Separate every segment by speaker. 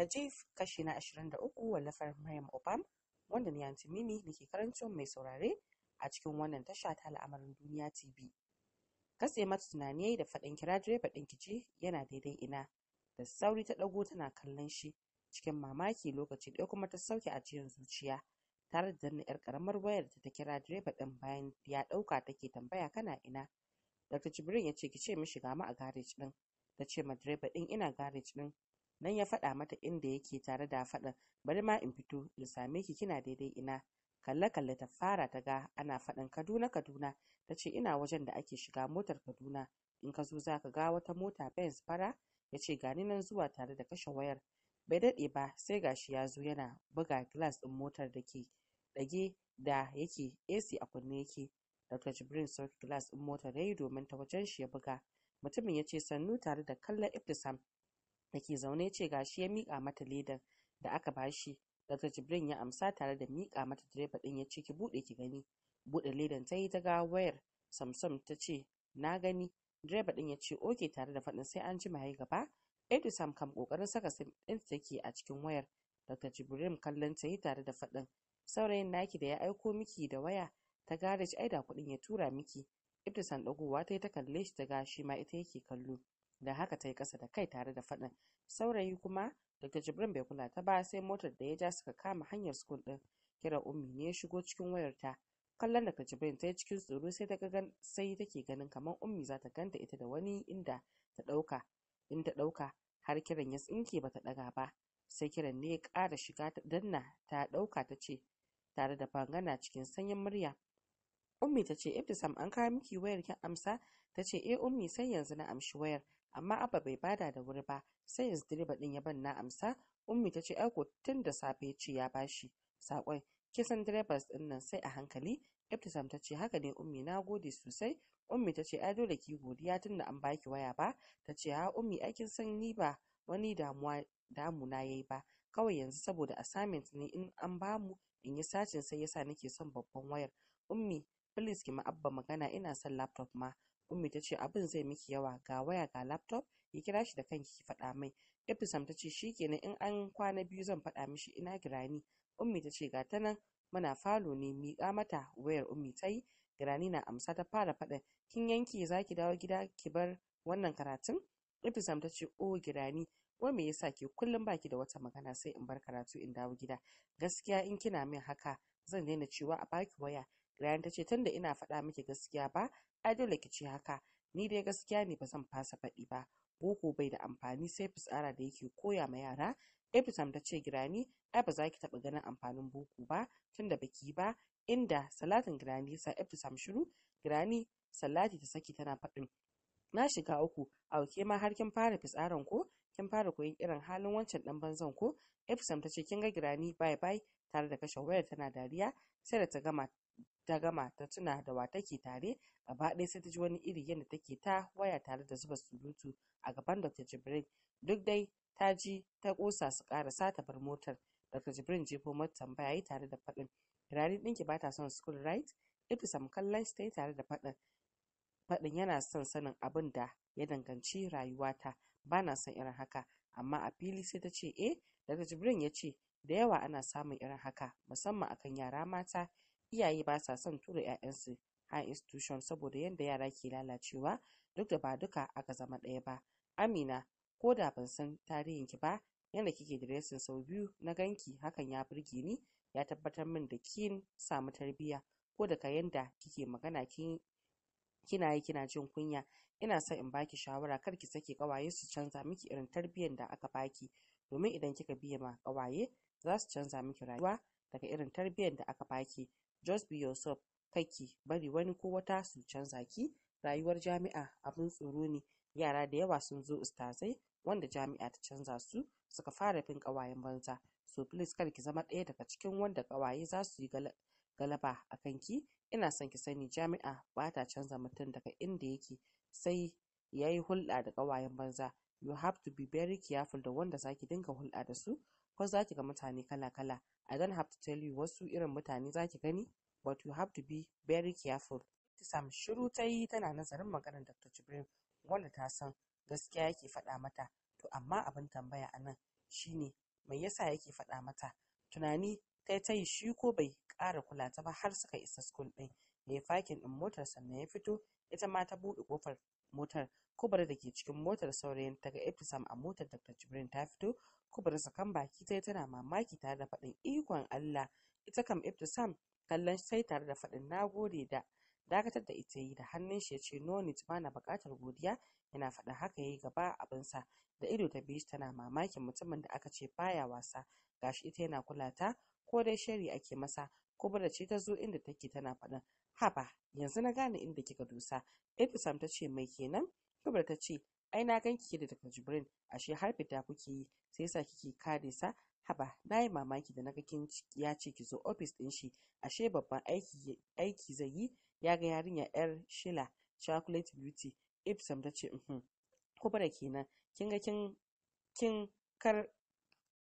Speaker 1: Najif kashi na ashirin da 23 wallafar Maryam Obam wanda ni Yanti nake karanto mai saurare a cikin wannan tasha ta al'amarin duniya TV. Katse mata tunani da faɗin kira direba ki kici yana daidai ina da sauri ta ɗago tana kallon shi cikin mamaki lokaci ɗaya kuma ta sauke a cikin zuciya tare da danna 'yar karamar wayar da ta kira direba ɗin bayan ya ɗauka take tambaya kana ina. Dr. Jibrin ya ce ki ce mishi ga mu a garage ɗin. Ta ce ma direba ɗin ina garage ɗin nan ya faɗa mata inda yake tare da faɗin bari ma in fito in same ki kina daidai ina kalle kalle ta fara ta ga ana faɗin kaduna kaduna ta ce ina wajen da ake shiga motar kaduna in ka zo za ka ga wata mota benz fara ya ce gani nan zuwa tare da kashe wayar bai daɗe ba sai gashi ya zo yana buga glass ɗin motar da ke ɗage da yake ac a kunne yake dr jibrin sauki glass ɗin motar ya yi domin ta wajen shi ya buga mutumin ya ce sannu tare da kallon ibtisam da ke zaune ce gashi ya miƙa mata ledar da aka bashi Dr. Jibrin ya amsa tare da miƙa mata direba ɗin ya ce ki buɗe ki gani. Buɗe ledan ta yi ta ga wayar Samsam ta ce na gani. Direba ɗin ya ce oke tare da faɗin sai an ji ya gaba. sam kam ƙoƙarin saka sim ɗin take a cikin wayar. Dr. Jibrin kallon ta yi tare da faɗin saurayin naki da ya aiko miki da waya ta garage ai da kuɗin ya tura miki. Ibtisan ɗagowa ta yi ta kalle shi ta ga shi ma ita yake kallo. da haka ta yi ƙasa da kai tare da faɗin saurayi kuma dr jibrin bai kula ta ba sai motar da ya ja suka kama hanyar sukun ɗin kiran ummi ne ya shigo cikin wayar ta kallon dr jibrin ta yi cikin tsoro sai ta gan sai take ganin kamar ummi za ta ganta ita da wani inda ta ɗauka in ta ɗauka har kiran ya tsinke ba ta ɗaga ba sai kiran ne ya ƙara shiga ta danna ta ɗauka ta ce tare da fangana cikin sanyin murya ummi ta ce ibtisam an kawo miki wayar kin amsa ta ce eh ummi sai yanzu na amshi wayar amma abba bai bada da wuri ba sai yanzu direba din ya ban na amsa ummi ta ce aiko tun da safe ce ya bashi sakon kisan direbas din nan sai a hankali ibtisam ta ce haka ne ummi na gode sosai ummi ta ce ai dole ki godiya tun da an baki waya ba ta ce ha ummi aikin san ni ba wani damuwa damuna yayi ba kawai yanzu saboda assignment ne in an bamu in yi sacin sai yasa nake son babban wayar ummi please ki ma abba magana ina son laptop ma Ummi ta ce abin zai miki yawa ga waya ga laptop ki kira shi da kanki ki faɗa mai. Ibisam ta ce shikenan in an kwana biyu zan faɗa mishi ina girani. Ummi ta ce ga ta nan muna falo ne miƙa mata wayar Ummi ta yi. Girani na amsa ta fara faɗa kin yanke za ki dawo gida ki bar wannan karatun? Ibisam ta ce o oh, girani wai me yasa ke kullum baki da wata magana sai in bar karatu in dawo gida gaskiya in kina min haka zan daina cewa a baki waya girani ta ce tunda ina faɗa miki gaskiya ba ai dole ki ce haka ni dai gaskiya ne ba zan fasa faɗi ba boko bai da amfani sai fitsara da yake koya ma yara Efisam ta ce Girani, ai ba za ki taɓa ganin amfanin boko ba tunda baki yi ba, inda salatin Girani sa Efisam shiru, Girani salati ta saki tana faɗin. Na shiga uku, a ke ma har kin fara fitsarin ko? Kin fara koyin irin halin wancan ɗan banzan ko? Efisam ta ce kin ga Girani bye bye tare da kashe wayar tana dariya, sai da ta gama ta gama ta tuna da wa take tare gaba ɗaya sai ta ji wani iri yadda take ta waya tare da zuba surutu a gaban dr jibrin duk dai ta ji ta ƙosa su ƙara sata bar motar dr jibrin jefo mata tambaya yi tare da faɗin turare ɗinki ba ta son school right ibsam kallon ta yi tare da faɗin faɗin yana son sanin abin da ya danganci rayuwata ba na son irin haka amma a fili sai ta ce eh dr jibrin ya ce da yawa ana samun irin haka musamman akan yara mata iyaye ba sa son tura 'ya'yansu high institution saboda yadda yara ke lalacewa duk da ba duka aka zama ɗaya ba amina ko da ban san tarihin ki ba yadda kike da diresin sau biyu na ganki hakan ya burge ni ya tabbatar min da kin samu tarbiyya ko daga yadda kike magana kin kina yi kina jin kunya ina son in baki shawara kar ki sake kawaye su canza miki irin tarbiyyar da aka baki domin idan kika biye ma ƙawaye za su canza miki rayuwa daga irin tarbiyyar da aka baki just be yourself kakki bari wani ko wata su canza ki rayuwar jami'a abin tsoro ne yara da yawa sun zo ustazai wanda jami'a ta canza su suka fara fin ƙawayen banza so please kar ki zama ɗaya daga cikin wanda ƙawaye za su yi galaba a kan ki? ina son ki sani jami'a ba ta canza mutum daga inda yake sai ya yi hulɗa da ƙawayen banza you have to be very careful da wanda za ki dinga hulɗa da su ko ki ga mutane kala-kala I don't have to tell you wasu irin mutane za ki gani but you have to be very careful. Tisam shiru ta yi tana nazarin maganar Dr. Jibrin wanda ta san gaskiya yake faɗa mata to amma abin tambaya a nan ne mai yasa yake faɗa mata tunani ta ta yi shi ko bai ƙara kula ta ba har suka isa school ɗin ya yi fakin ɗin motar sannan ya fito ita ma ta buɗe ƙofar motar kubar da ke cikin motar saurayin ta ga Ibtisam a motar Dr. Jibrin ta fito kubar sakan baki ta tana mamaki tare da faɗin ikon Allah ita kam Ibtisam kallon sai tare da faɗin nagode da dakatar da ita yi da hannun shi ya ce no need ba na buƙatar godiya yana faɗin haka yayi gaba abinsa da ido ta biyu tana mamakin mutumin da aka ce baya wasa gashi ita yana kula ta ko dai shari ake masa kubura ce ta zo inda take tana faɗin Haba, yanzu na gane inda kika dusa Ibtisam ta ce mai kenan? Kubra ta ce, ai na ganki da daga Jibrin, ashe har fita kuke yi, sai yasa kike kare sa. Haba, na yi mamaki da naga kin ya ce ki zo ofis din shi, ashe babban aiki aiki zai yi, ya ga yarinya yar Shila, Chocolate Beauty. Ibsam ta ce, "Mhm, kubra kenan, kin ga kin kin kar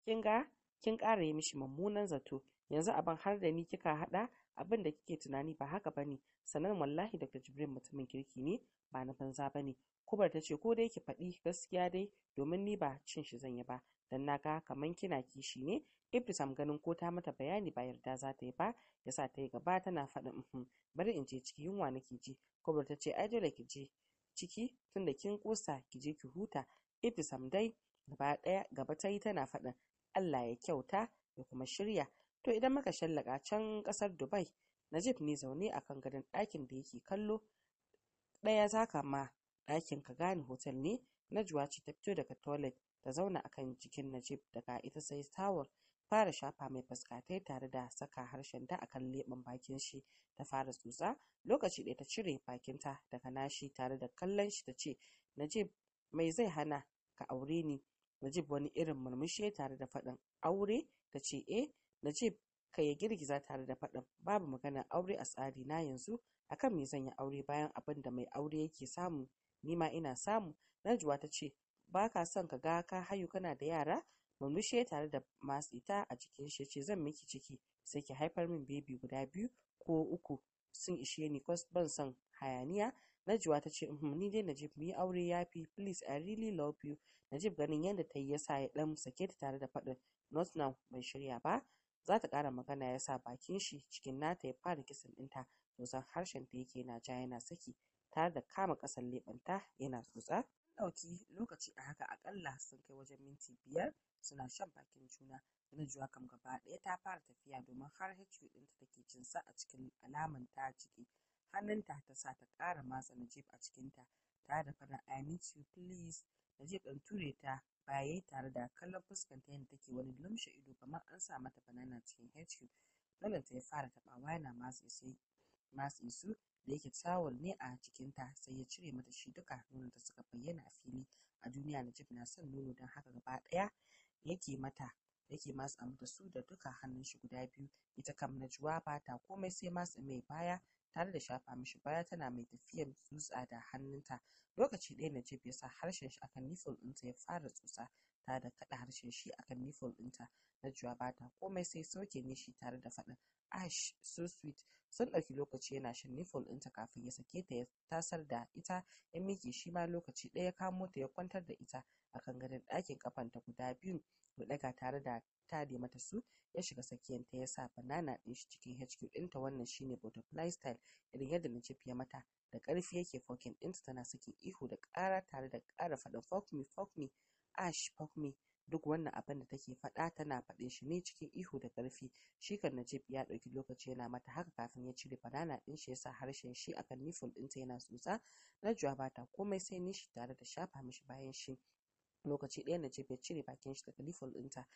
Speaker 1: kin ga kin ƙara mishi mummunan zato, yanzu abin har da ni kika haɗa abin da kike tunani ba haka bane sannan wallahi Dr. Jibrin mutumin kirki ne ba na banza bane kubar ta ce ko dai ki faɗi gaskiya dai domin ni ba cin shi zan yi ba dan na ga kaman kina kishi ne Ibtisam ganin ko ta mata bayani ba yarda za ta yi ba ya sa ta yi gaba tana faɗin uhm, bari in je ciki yunwa nake ji kubar ta ce ai dole ki je ciki tunda kin kusa ki je ki huta Ibtisam dai gaba ɗaya gaba ta yi tana faɗin Allah ya kyauta ya kuma shirya to idan muka shallaka can ƙasar dubai najib ne zaune a kan gadon ɗakin da yake kallo ɗaya za ka ma ɗakin ka gane hotel ne najwa ce ta fito daga toilet ta zauna akan jikin najib daga ita sai tawul fara shafa mai fuskatai tare da saka harshen ta akan leɓen bakin shi ta fara tsutsa lokaci ɗaya ta cire bakinta daga nashi tare da kallon shi ta ce najib mai zai hana ka aure ni najib wani irin murmushi tare da faɗin aure ta ce eh Najib ka ya girgiza tare da faɗin babu magana aure a tsari na yanzu akan me zan yi aure bayan abin da mai aure yake samu ni ma ina samu Najwa ta ce ba ka son ka ga ka hayu kana da yara murmushe tare da ita a cikin shi ce zan miki ciki sai ki haifar min bebi guda biyu ko uku sun ishe ni kwas ban son hayaniya Najwa ta ce uhm, ni dai Najib mu yi aure fi please I really love you Najib ganin yadda ta yi ya sa ya ɗan sake ta tare da faɗin not now ban shirya ba za ta ƙara magana ya sa bakin shi cikin nata ya fara kisan ɗinta sosan harshen ta yake na ja yana saki tare da kama ƙasan leɓenta yana tsotsa ɗauki lokaci a haka aƙalla sun kai wajen minti biyar suna shan bakin juna juwa kam gaba ɗaya ta fara tafiya domin har HP ɗinta take jin sa a cikin alaman ta ciki Hannunta ta sa ta ƙara matsa Najib a cikinta tare da fana I need you please. Najib ɗan ture ta baye tare da kallon fuskanta yadda take wani lumshe ido kamar an sa mata banana cikin HQ. ta ya fara taɓawa yana masu isu da yake tawul ne a cikinta sai ya cire mata shi duka da suka bayyana a fili a duniya na na son nono don haka gaba ɗaya yake mata yake matsa mata su da duka hannun shi guda biyu ita kam na juwa ba ta komai sai masu mai baya tare da shafa mishi baya tana mai tafiyar tsutsa da hannunta lokaci ɗaya na ya sa harshen shi akan nifol ɗinta ya fara tsutsa ta da kaɗa harshen shi akan nifol ɗinta na ba ta komai sai sauke shi tare da faɗin Ash Sweet sun ɗauki lokaci yana shan nipple ɗinta kafin ya sake ta ya tasar da ita ya miƙe shi ma lokaci ɗaya ya kamo ta ya kwantar da ita a kan gadon ɗakin ƙafanta guda biyu ya ɗaga tare da tare mata su ya shiga ta ya sa banana ɗin shi cikin HQ ɗinta wannan shine butterfly style irin yadda na ya mata da ƙarfi yake fokin ɗinta tana sakin ihu da ƙara tare da ƙara faɗin fuck me fuck me Ash fuck me duk wannan abin da take faɗa tana faɗin shi ne cikin ihu da ƙarfi shi kan najib ya ɗauki lokaci yana mata haka kafin ya cire banana ɗin shi ya sa harshen shi akan niful ɗinta yana tsotsa najwa ba ta komai sai nishi tare da shafa mishi bayan shi lokaci ɗaya najib ya cire bakin shi daga lifol ɗinta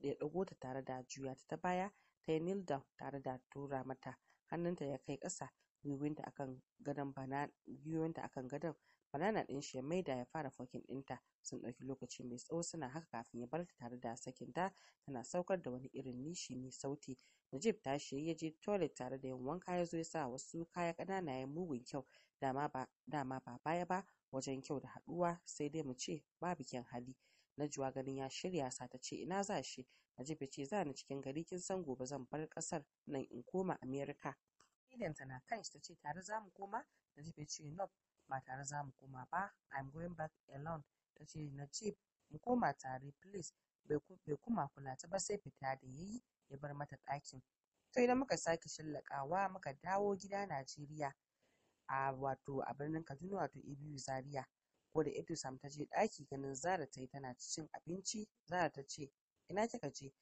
Speaker 1: ya ɗago ta tare da juya ta baya ta yi kneel down tare da tura mata hannunta ya kai ƙasa gwiwinta akan gadon akan gadon Banana ɗin shi ya maida ya fara fokin ɗinta. Sun ɗauki lokaci mai tsawo suna haka kafin ya barta tare da sakinta tana saukar da wani irin nishi mai sauti. Najib tashi ya je toilet tare da yin wanka ya zo ya sa wasu kaya ƙanana ya mugun kyau dama ba dama ba baya ba wajen kyau da haɗuwa sai dai mu ce babu kyan hali. najuwa ganin ya shirya sa ta ce ina za shi Najib ya ce za ni cikin gari kin san gobe zan bar kasar nan in koma Amerika. Idanta na kan shi ta ce tare za mu koma Najib ya ce nope ba tare za mu koma ba i'm going back alone ta ce na najib mu koma tare please bai kuma kula ta ba sai fita da yayi ya bar mata ɗakin to idan muka sake shallakawa muka dawo gida najeriya a wato a birnin kaduna wato ibiyu zaria ko da sam ta je ɗaki ganin zara ta yi tana cin abinci zara ta ce ina kika je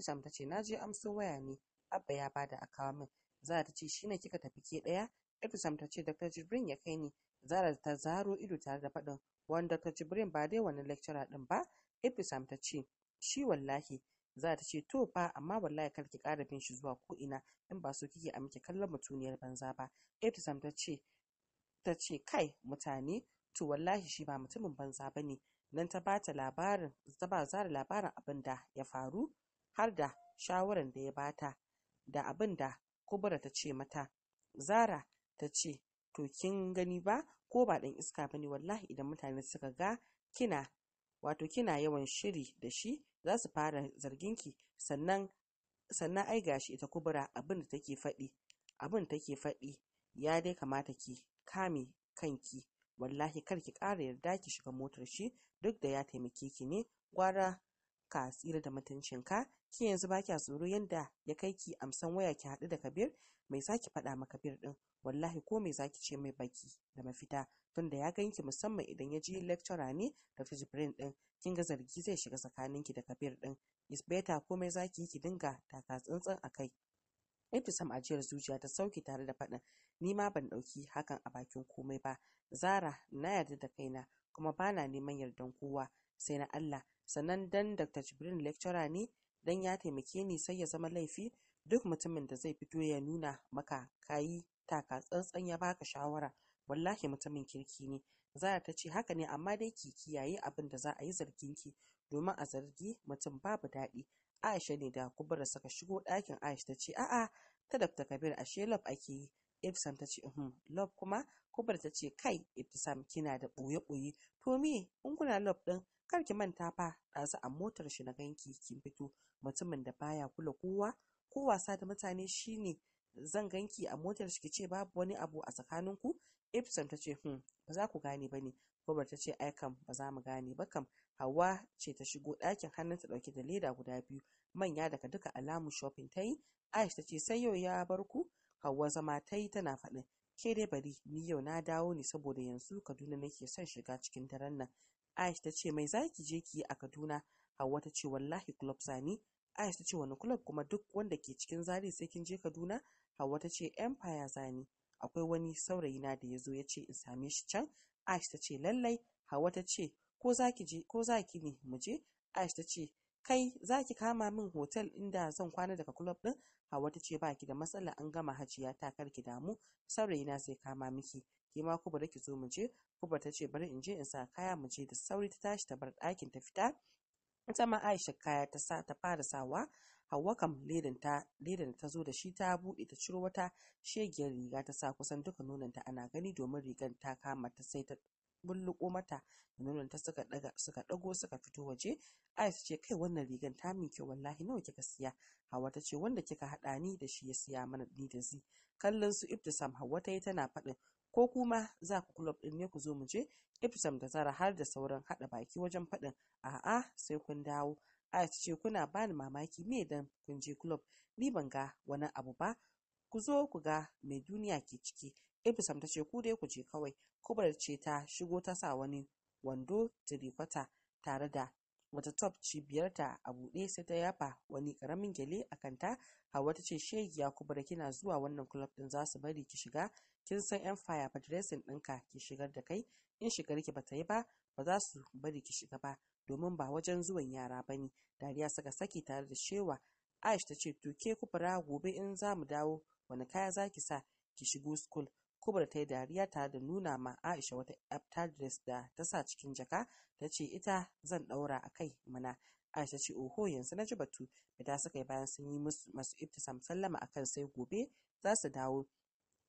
Speaker 1: sam ta ce na je amsa waya ne abba ya bada a kawo min zara ta ce ne kika tafi ke ɗaya sam ta ce dr jibrin ya kai ni Zara ta zaro ido tare da faɗin wani ci Jibrin ba dai wani lecturer ɗin ba, Ibtisam ta ce, shi wallahi, za ta ce to fa amma wallahi kar ki ƙara bin shi zuwa ko ina in ba so kike a miki kallon mutuniyar banza ba. Ibtisam ta ce ta ce kai mutane to wallahi shi ba mutumin banza ba ne nan ta bata labarin ta ba Zara labarin abin da ya faru har da shawaran da ya bata da abin da kubura ta ce mata. Zara ta ce to kin gani ba ko ba ɗan iska ba ne wallahi idan mutane suka ga kina wato kina yawan shiri da shi za su fara zargin sannan sannan ai gashi ita kubura abin da take faɗi abin da take faɗi ya dai kamata ki kame kanki wallahi kar ki ƙara yarda ki shiga motar shi duk da ya taimake ki ne gwara ka tsira da mutuncinka ki yanzu ba kya tsoro yadda ya kai ki amsan waya ki haɗu da kabir mai zaki faɗa ma kabir ɗin wallahi ko mai zaki ce mai baki da mafita tunda ya ganki musamman idan ya ji lecturer ne da fizibrin ɗin kin ga zargi zai shiga tsakaninki da kabir ɗin is better komai zaki yi ki dinga taka tsantsan a kai Ibtisam ajiyar zuciya ta sauki tare da faɗin ni ma ban ɗauki hakan a bakin komai ba. Zara na yarda da kaina kuma bana neman yardan kowa sai na Allah sannan dan Dr. Jibrin lecturer ne dan ya taimake ni sai ya zama laifi duk mutumin da zai fito ya nuna maka kayi taka tsantsan ya baka shawara wallahi mutumin kirki ne Zara ta ce haka ne amma dai ki kiyaye abin da za a yi zargin ki domin a zargi mutum babu daɗi Aisha ne da kubura suka shigo ɗakin Aisha ta ce a'a ta Dr. Kabir ashe love ake yi Ibsam ta ce uhum love kuma kubura ta ce kai Ibsam kina da ɓoye-ɓoye to me in kuna love ɗin kar ki manta fa ɗazu a motar shi na ganki kin fito mutumin da baya kula kowa ko wasa da mutane shine zan ganki a motar shi kice babu wani abu a tsakaninku Ibsen ta ce hmm ba za ku gane ba ne Robert ta ce ai kam ba za mu gane ba kam Hawa ce ta shigo ɗakin hannunta ɗauke da leda guda biyu manya daga duka alamu shopping ta yi Aisha ta ce sai yau ya bar ku Hauwa zama ta yi tana faɗin ke dai bari ni yau na dawo ne saboda yanzu Kaduna nake son shiga cikin daren nan Aisha ta ce mai zaki je ki yi a Kaduna Hauwa ta ce wallahi club sani Aisha ta ce wani kulob kuma duk wanda ke cikin zari sai kin je Kaduna Hauwa ta ce Empire zani akwai wani saurayi na da ya zo ya ce in same shi can Aisha ta ce lallai Hauwa ta ce ko zaki je ko zaki ne mu je Aisha ta ce kai zaki kama min hotel inda zan kwana daga kulob din Hauwa ta ce ba ki da matsala an gama hajiya ta kar ki damu saurayi na sai kama miki ki ma ku bari ki zo mu je kuma ta ce bari in je in sa kaya mu je da sauri ta tashi ta bar ɗakin ta fita. Ita ma Aisha kaya ta sa ta fara sawa Hauwa kam ledan ta ta zo da shi ta buɗe ta ciro wata shegiyar riga ta sa kusan duka nononta ana gani domin rigar ta kama ta sai ta bulluko mata da ta suka daga suka dago suka fito waje Aisha ce kai wannan rigar ta min kyau wallahi nawa kika siya Hauwa ta ce wanda kika haɗa ni da shi ya siya mana ni da zi kallon su Ibtisam Hauwa ta yi tana faɗin ko kuma za ku club ɗin ne ku zo mu je Ibsam da Zara har da sauran haɗa baki wajen faɗin a'a sai kun dawo a ce kuna bani mamaki me dan kun je club ni ban ga wani abu ba ku zo ku ga mai duniya ke ciki Ibsam ta ce ku dai ku je kawai Kubar ce ta shigo ta sa wani wando tirikwata tare da wata top cibiyarta a buɗe sai ta yafa wani karamin gyale a kanta hawa ta ce shegiya kubar kina zuwa wannan club ɗin za su bari ki shiga kin san yan faya ba dressing ɗinka ki shigar da kai in shigar ki bata yi ba ba za su bari ki shiga ba domin ba wajen zuwan yara ba ne dariya suka saki tare da cewa aish ta ce to ke kubura gobe in za mu dawo wani kaya za ki sa ki shigo school kubura ta yi dariya tare da nuna ma aisha wata after dress da ta sa cikin jaka ta ce ita zan ɗaura a kai mana aisha ce oho yanzu na ji batu da suka yi bayan sun yi masu ibtisam sallama akan sai gobe za su dawo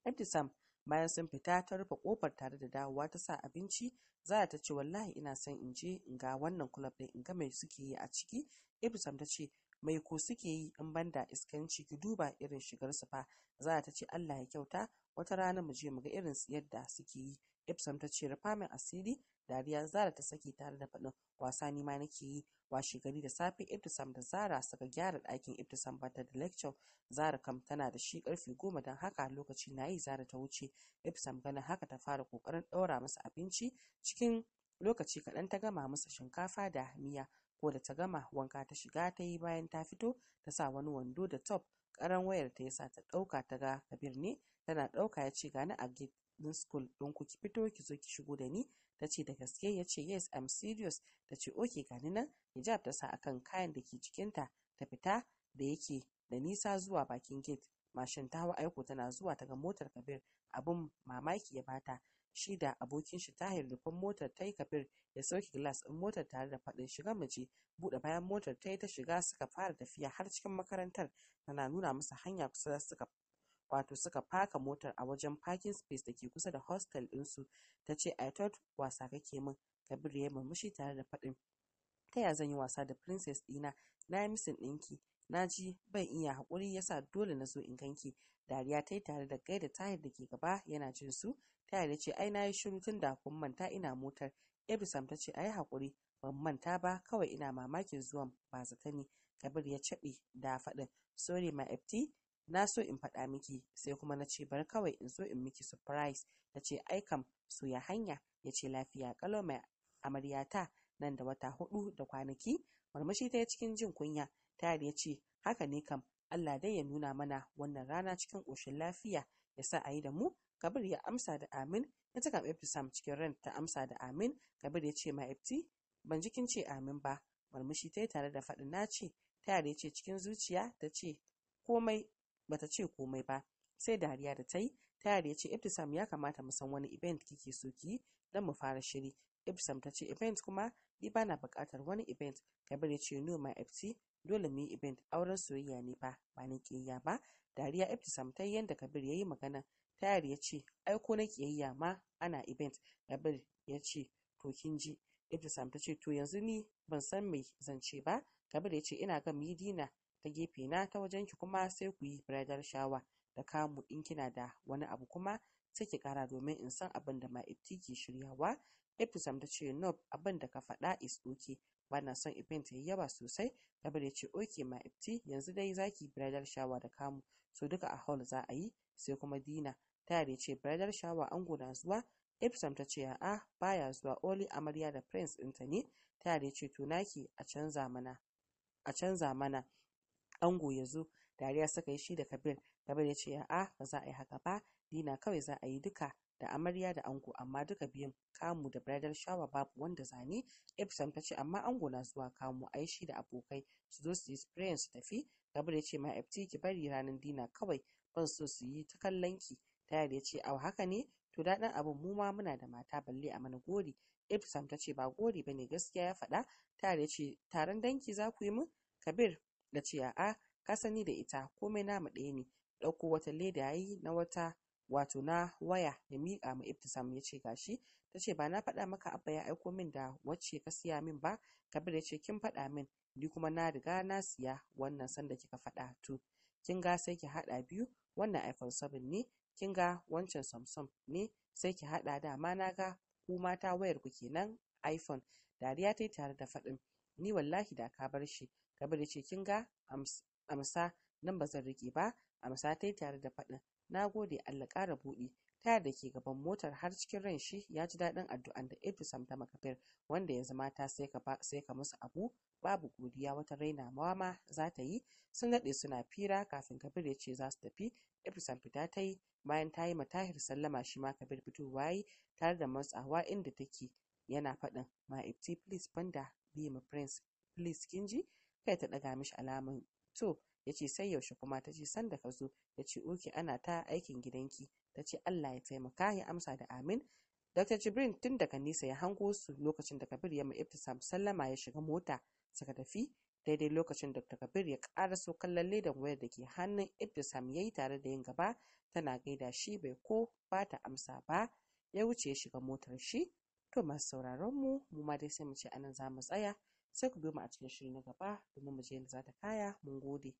Speaker 1: ibtisam bayan sun fita ta rufe kofar tare da dawowa ta sa abinci zara ta ce wallahi ina son in je ga wannan club din in ga mai suke yi a ciki ibsam ta ce mai ko suke yi in ban da iskanci ki duba irin shigar su fa Zara ta ce Allah ya kyauta wata rana mu je mu ga irin yadda suke yi Ibsam ta ce rufa asiri dariya Zara ta saki tare da faɗin wasa ni ma nake yi washe gari da safe Ibtisam da Zara suka gyara ɗakin Ibtisam bata da lecture Zara kam tana da shi karfe goma don haka lokaci na yi Zara ta wuce Ibtisam ganin haka ta fara kokarin ɗaura masa abinci cikin lokaci kaɗan ta gama masa shinkafa da miya ko da ta gama wanka ta shiga ta yi bayan ta fito ta sa wani wando da top karan wayar ta yasa ta ɗauka ta ga kabir ne tana ɗauka ya ce gani a gate school don ku ki fito ki zo ki shigo da ni ta ce da gaske ya ce yes I'm serious ta ce okay gani nan hijab ta sa akan kayan da ke jikinta ta fita da yake da nisa zuwa bakin gate mashin ta hau aiko tana zuwa ta ga motar kabir abun mamaki ya bata shi da abokin shi tahir kuma motar ta yi kafir ya sauke glass ɗin motar tare da faɗin shiga mace bude buɗe bayan motar ta yi ta shiga suka fara tafiya har cikin makarantar tana nuna masa hanya kusa da suka wato suka faka motar a wajen parking space da ke kusa da hostel ɗinsu ta ce i thought wasa kake min kabir ya murmushi tare da faɗin ta ya zan yi wasa da princess ɗina na yi misin ɗinki na ji ban iya haƙuri yasa dole na zo in ganki dariya ta yi tare da gaida tahir da ke gaba yana jin su tayar ya ce ai na yi shiru tun da kun manta ina motar ebisam ta ce ai haƙuri ban manta ba kawai ina mamakin zuwan ba zata ne kabir ya caɗi, da faɗin sorry ma ft na so in faɗa miki sai kuma na ce bar kawai in so in miki surprise ta ce ai kam su ya hanya ya ce lafiya kalau mai amaryata nan da wata hudu da kwanaki murmushi ta yi cikin jin kunya tayar ya ce haka ne kam Allah dai ya nuna mana wannan rana cikin ƙoshin lafiya ya sa a yi da mu kabir ya amsa da amin ta karɓi sam cikin ran ta amsa da amin kabir ya ce ma ban ji ce amin ba murmushi ta yi tare da faɗin na ce ta yare ce cikin zuciya ta ce komai bata ce komai ba sai dariya da ta yi ta yare ce Ibtisam ya kamata mu san wani event kike so ki don mu fara shiri Ibtisam ta ce event kuma ni na buƙatar wani event kabir ya ce no my dole mu yi event auren soyayya ne fa ba na kiyayya ba dariya ibtisam ta yanda kabir ya yi magana tayar ya ce ai ko na kiyayya ma ana event kabir ya ce to kin ji ibtisam ta ce to yanzu ni ban san mai zance ba kabir ya ce ina ga mu yi dina ta gefe na ta wajen ki kuma sai ku yi bridal shawa da kamu in kina da wani abu kuma sai ki kara domin in san abin da ma ke shiryawa ibtisam ta ce nob abin da ka faɗa is okay ba na son event ya yi yaba sosai Jabir ya ce ok ma Ifti yanzu dai zaki bridal shawa da kamu so duka a hall za a yi sai kuma Dina ta ya ce bridal shower ango na zuwa Ipsam ta ce a'a baya zuwa Oli amarya da prince ɗinta ne tayar ya ce to naki a canza mana a canza mana ango ya zo dariya suka yi shi da Kabir Kabir ya ce a'a ba za a yi haka ba Dina kawai za a yi duka da amarya da ango amma duka biyun kamu da bridal shower babu wanda zane Epsom ta ce amma ango na zuwa kamu aishi da abokai su zo suyi yi su tafi Kabir ya ce ma FT ki bari ranar dina kawai ban so su yi ta kallon ki Tayar ya ce au haka ne to daɗin abin mu ma muna da mata balle a mana gori Epsom ta ce ba gori bane gaskiya ya faɗa Tayar ya ce taron danki za ku yi min Kabir da ce a'a ka sani da ita komai namu ɗaya ne ɗauko wata leda yayi na wata wato na waya ya miƙa ma Ibtisam ya ce gashi ta ce ba na faɗa maka abba ya aiko min da wacce ka siya min ba Kabir ya ce kin faɗa min ni kuma na riga na siya wannan sanda kika faɗa to kin ga sai ki haɗa biyu wannan iPhone 7 ne kin ga wancan Samsung ne sai ki haɗa da ma na ga ku mata wayar ku kenan iPhone dariya ta yi tare da faɗin ni wallahi da ka bar shi Kabir ya ce kin ga amsa nan ba zan riƙe ba amsa ta yi tare da faɗin na gode Allah ƙara buɗe. tayar da ke gaban motar har cikin ran shi ya ji daɗin addu'an da Ibrisam ta makafir wanda ya zama ta sai ka sai musu abu babu godiya wata raina mawa ma za ta yi sun daɗe suna fira kafin kabir ya ce za su tafi Ibrisam fita ta yi bayan ta yi tahir sallama shi ma kabir fitowa yi tare da matsawa inda take yana faɗin ma ifti please banda be ma prince please kin ji kai ta ɗaga mishi alamun to ya ce sai yaushe kuma ta ce sanda ka zo ya ce oke ana ta aikin gidanki ta ce allah ya taimaka ya amsa da amin dr jibrin tun daga nisa ya hango su lokacin da kabir ya ibtisam sallama ya shiga mota suka tafi daidai lokacin dr kabir ya karaso kallon ledan wayar da ke hannun ibtisam ya yi tare da yin gaba tana gaida shi bai ko ba ta amsa ba ya wuce ya shiga motar shi to masu sauraron mu mu ma dai sai mu ce anan za mu tsaya sai ku biyo mu a cikin shiri na gaba domin mu je yadda za ta kaya mun gode